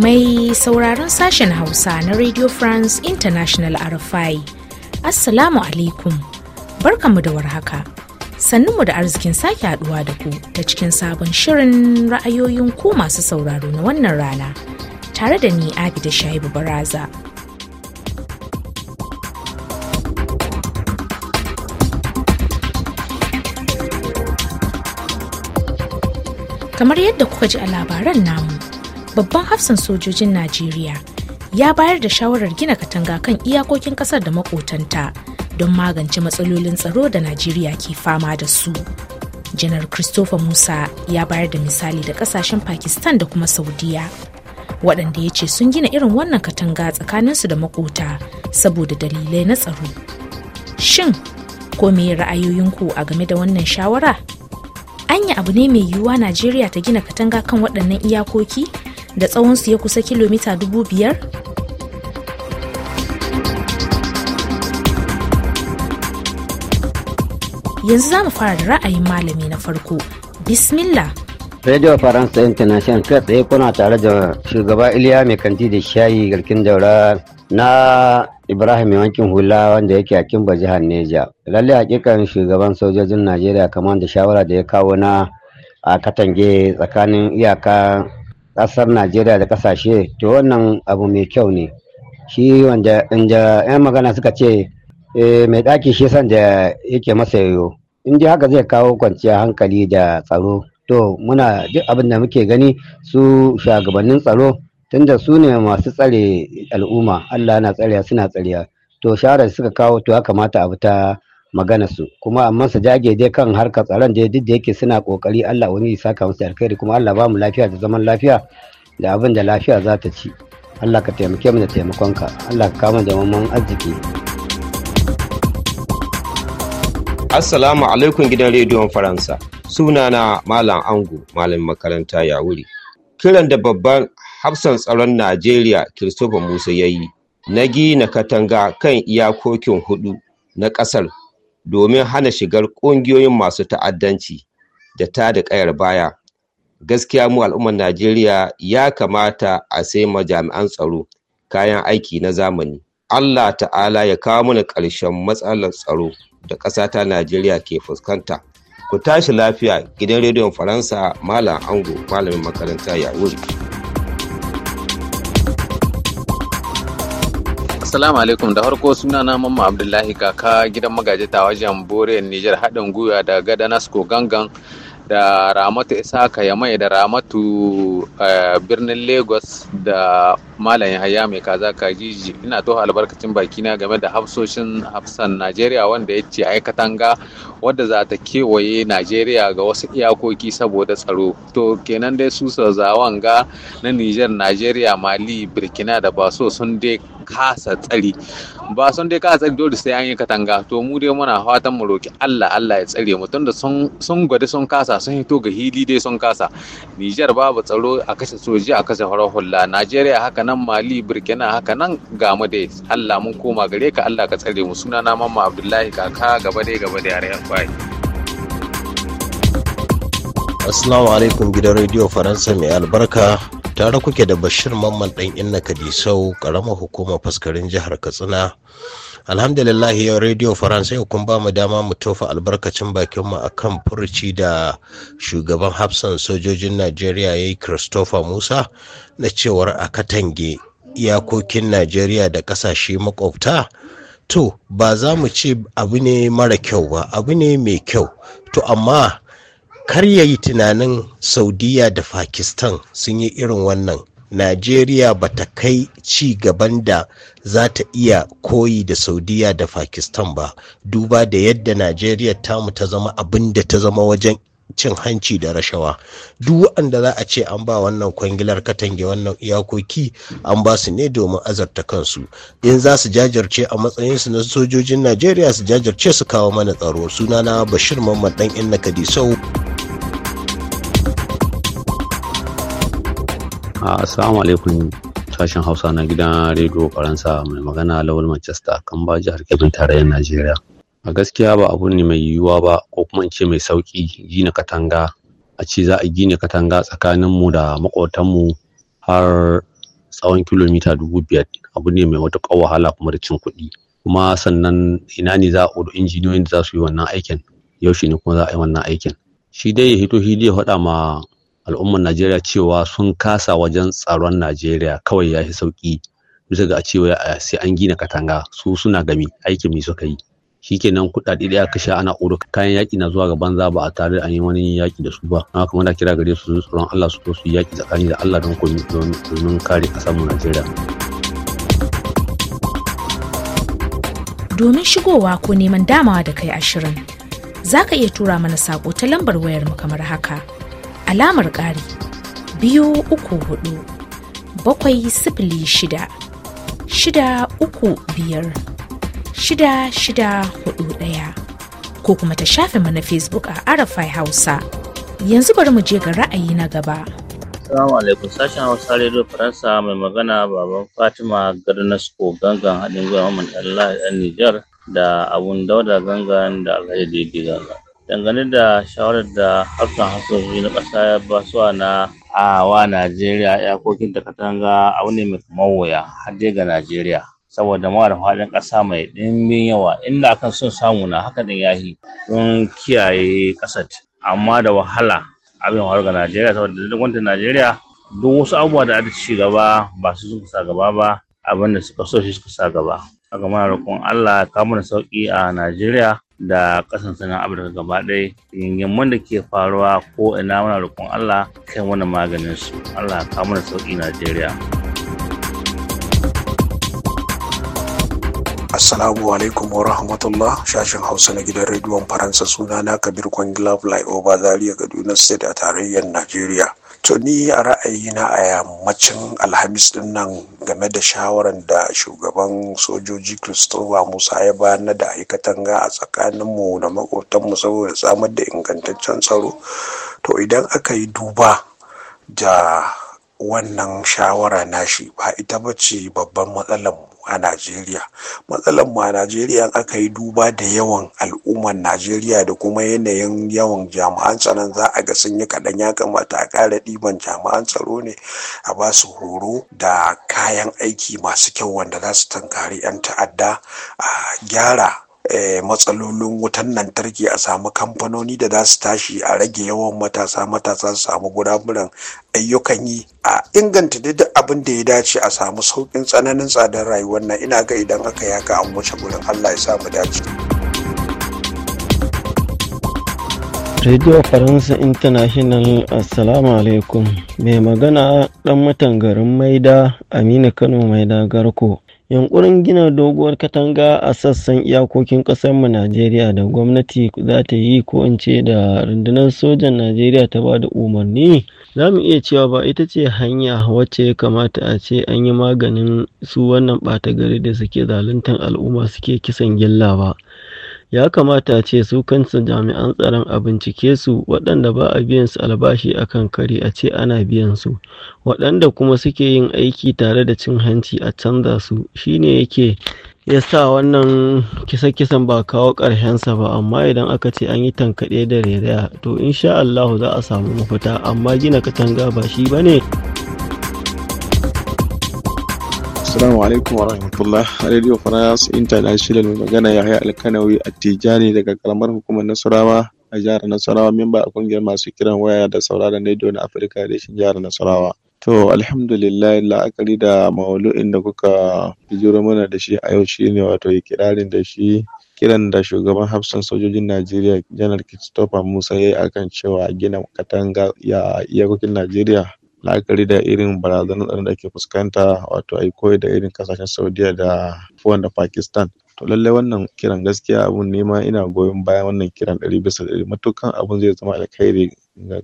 Mai sauraron sashen Hausa na Radio France International RFI, Assalamu alaikum, barkanmu da warhaka. Sannunmu da arzikin sake haduwa da ku ta cikin sabon shirin ra'ayoyin ku masu sauraro na wannan rana, tare da ni Abi da Shaibu Baraza. kamar yadda kuka ji a labaran namu babban hafsan sojojin najeriya ya bayar da shawarar gina katanga kan iyakokin kasar da makotanta don magance matsalolin tsaro da najeriya ke fama da su janar christopher musa ya bayar da misali da kasashen pakistan da kuma saudiya waɗanda ya ce sun gina irin wannan katanga tsakaninsu da makota saboda dalilai na tsaro shin ko me ra'ayoyinku a game da wannan shawara anya abu ne mai yiwuwa najeriya ta gina katanga kan waɗannan iyakoki da tsawon su ya kusa kilomita dubu biyar yanzu za mu fara da ra'ayin malami na farko bismillah Radio Faransa International kai tsaye kuna tare da shugaba Iliya mai kanti da shayi garkin daura na Ibrahim yankin hula wanda yake a Kimba jihar Neja. Lalle hakikan shugaban sojojin Najeriya kamar da shawara da ya kawo na a katange tsakanin iyaka ƙasar Najeriya da ƙasashe to wannan abu mai kyau ne. Shi wanda inda 'yan magana suka ce eh, mai ɗaki shi san da yake masa yoyo. In ji haka zai kawo kwanciyar hankali da tsaro. To muna duk abin da muke gani su shugabannin tsaro tunda su ne masu tsare al'umma Allah na tsare suna tsare to sharar suka kawo to ya kamata a ta magana su kuma amma su jage dai kan harka tsaron dai duk da yake suna kokari Allah wani ya saka musu alkhairi kuma Allah ba mu lafiya da zaman lafiya da abin da lafiya za ta ci Allah ka taimake mu da ka. Allah ka kama da mamman arziki Assalamu alaikum gidan rediyon Faransa sunana Malam Ango Malam makaranta ya wuri kiran da babban hafsan tsaron Najeriya Christopher Musa ya yi na gina katanga kan iyakokin hudu na ƙasar domin hana shigar ƙungiyoyin masu ta'addanci da ta da ƙayar baya. Gaskiya mu al'ummar Najeriya ya kamata a sai majami'an tsaro kayan aiki na zamani. Allah ta'ala ya kawo mana ƙarshen matsalar tsaro da ƙasa ta Najeriya ke fuskanta. Ku tashi lafiya gidan rediyon Faransa Malam Ango Malamin makaranta Yahudu. Assalamu alaikum da harko suna na mamma Abdullahi kaka gidan magaji ta wajen bore Nijar haɗin gwiwa da gada Nasko gangan da Ramatu Isaka mai da Ramatu eh, birnin Lagos da Malam Yahaya mai kaza jiji ina to albarkacin bakina game da hafsoshin hafsan Najeriya wanda ya ce katanga wadda za ta kewaye Najeriya ga wasu iyakoki saboda tsaro. To kenan dai su zawan ga na Nijar Najeriya Mali Burkina da Baso sun dai kasa tsari ba sun dai kasa tsari dole sai an yi katanga to mu dai muna fatan mu roki Allah Allah ya tsare mu tunda sun sun gwada sun kasa sun hito ga hili dai sun kasa Niger babu tsaro a kashe soji a kashe farar hula Najeriya haka nan Mali Burkina haka nan ga mu dai Allah mun koma gare ka Allah ka tsare mu sunana Mamma Abdullahi kaka gaba dai gaba dai yare bai Assalamu alaikum gidan Radio Faransa mai albarka tare kuke da bashir mamman dan inna kadisau karamar hukumar faskarin jihar katsina alhamdulillah yau radio faransa kun ba mu dama mu tofa albarkacin bakin mu akan furci da shugaban hafsan sojojin najeriya ya yi christopher musa na cewar a katange iyakokin najeriya da ƙasashe makwabta to ba za mu ce abu ne mara kyau ba abu ne mai kyau to amma kar ya yi tunanin saudiya da pakistan sun yi irin wannan najeriya ba ta kai ci gaban da za ta iya koyi da saudiya da pakistan ba duba da yadda najeriya tamu ta zama abin da ta zama wajen cin hanci da rashawa duk waɗanda za a ce an ba wannan kwangilar katange wannan iyakoki an ba su ne domin azarta kansu in za su jajirce a matsayinsu na sojojin najeriya su jajirce su kawo mana tsaro sunana bashir mamman dan inna kadisau Assalamu alaikum sashen Hausa na gidan rediyo Faransa mai magana Lawal Manchester kan ba jihar Kebbi tarayyar Najeriya. A gaskiya ba abu ne mai yiwuwa ba ko kuma in ce mai sauki gina katanga a ce za a gina katanga tsakaninmu da makotanmu har tsawon kilomita dubu biyar abu ne mai matuƙar wahala kuma da cin kuɗi kuma sannan ina ne za a ƙudu injiniyoyin da za su yi wannan aikin yaushe ne kuma za a yi wannan aikin shi dai ya hito hidi ya faɗa ma al'ummar najeriya cewa sun kasa wajen tsaron najeriya kawai ya fi sauki bisa ga cewa sai an gina katanga su suna gami aikin mai suka yi shikenan kuɗaɗe da aka sha ana oro kayan yaƙi na zuwa ga banza ba a tare da an yi wani yaƙi da su ba na kuma da kira gare su tsoron Allah su su yaƙi tsakani da Allah don domin kare kasar mu Najeriya domin shigowa ko neman damawa da kai ashirin za ka iya tura mana sako ta lambar wayar mu kamar haka alamar ƙari biyu uku hudu bakwai sifili shida shida uku biyar shida shida hudu ɗaya ko kuma ta shafe mana facebook a arafai hausa yanzu bari mu je ga ra'ayi na gaba Assalamu alaikum sashen Hausa Radio Faransa mai magana baban Fatima Garnasko gangan haɗin gwiwa Mamman Allah ɗan Nijar da abun dauda gangan da Alhaji Didi gangan. dangane da shawarar da hafsan hasoji na ƙasa ya basuwa na A wa najeriya iyakokin da katanga abu ne mai mawuya har ga najeriya saboda mawa da faɗin ƙasa mai ɗimbin yawa inda akan son samu na haka din yahi don kiyaye ƙasar amma da wahala abin wahalar ga najeriya saboda duk najeriya duk wasu abubuwa da aka ci gaba ba su su sa gaba ba abin da suka so shi suka sa gaba a ga mana roƙon allah kamar sauki a najeriya da ƙasan sanar Afirka gaba ɗaya yanyan da ke faruwa ko ina mana roƙon Allah kai mana maganin su Allah ka mana sauƙi Najeriya. Assalamu alaikum wa rahmatullah shashin Hausa na gidan rediyon Faransa suna na Kabir Kwangila Flyover Zaria Kaduna State a tarayyar Najeriya. to ni a ra'ayina a yammacin alhamis din nan game da shawaran da shugaban sojoji kristowa musa ya ba na da aikatanga a tsakaninmu da makotanmu saboda samar da ingantaccen tsaro to idan aka yi duba da wannan shawara nashi ba ita ba ce babban matsalar a najeriya matsalar mu a najeriya aka yi duba da yawan al'ummar najeriya da kuma yanayin yawan jami'an tsaron za a ga sun yi kaɗan ya kamata a ƙara ɗiban jami'an tsaro ne a ba su horo da kayan aiki masu kyau wanda za su tankari 'yan ta'adda a gyara Eh, matsalolin wutan lantarki a samu kamfanoni da za su tashi a rage yawan matasa matasa su samu gudamuran ayyukan yi a inganta duk abin da ya dace a samu saukin tsananin tsadar rayuwar nan ina ga idan aka yaka an wuce gurin allah ya samu dace. Radio Faransa International Assalamu alaikum mai magana dan matangarin Maida Aminu Kano Maida Garko Yunƙurin gina doguwar katanga a sassan iyakokin ƙasarmu Najeriya da gwamnati za ta yi ko in ce da rundunar sojan Najeriya ta ba da umarni, za mu iya cewa ba ita ce hanya wacce ya kamata a ce an yi maganin su wannan ɓata gari da suke zaluntar al'umma suke kisan gilla ba. ya kamata a ce su kansu jami'an tsaron a bincike su waɗanda ba a biyan su albashi a kan kari a ce ana biyan su waɗanda kuma suke yin aiki tare da cin hanci a canza su shine yake ya sa wannan kisa-kisan ba kawo ƙarshensa ba amma idan aka ce an yi tankaɗe da reraya to insha Allah za a samu mafita amma gina katanga ba shi ba ne. Assalamu alaikum wa rahmatullah. Radio France International mai magana ya haya alkanawi a Tijani daga karamar hukumar Nasarawa a jihar Nasarawa memba a kungiyar masu kiran waya da sauraron radio na Afirka da shi jihar Nasarawa. To alhamdulillah la'akari da maulu'in da kuka fi bijiro mana da shi a yau shine wato kirarin da shi kiran da shugaban hafsan sojojin Najeriya janar Christopher Musa ya yi akan cewa gina katanga ya iyakokin Najeriya la'akari da irin barazanar da ake fuskanta wato ai koyi da irin kasashen saudiya da fuwan da pakistan to lallai wannan kiran gaskiya abun nema ina goyon bayan wannan kiran ɗari bisa ɗari matukan abun zai zama alkhairi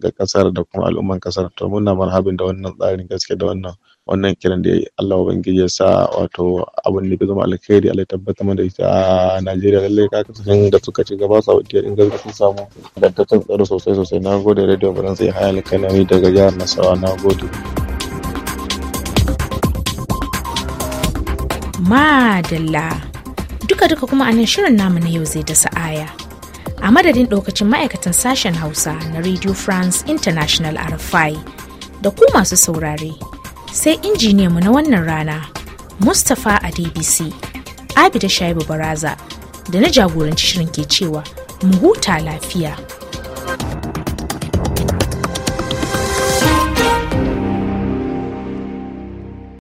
ga kasar da kuma al'umman kasar to muna marhabin da wannan tsarin gaskiya da wannan wannan kiran da yayi Allah ubangiji ya sa wato abin da zama alkhairi Allah tabbata mana da ita a Najeriya lallai ka kasance da suka ci gaba Saudiya din gaskiya sun samu dantattun tsaro sosai sosai na nagode radio Faransa ya hayal kanami daga jihar Nasarawa gode. Madalla duka duka kuma anan shirin namu na yau zai da sa'aya a madadin ɗaukacin ma'aikatan sashen Hausa na Radio France International RFI da ku masu saurare sai mu na wannan rana mustapha a dbc abida shaibu baraza da na jagoranci shirin ke cewa mu huta lafiya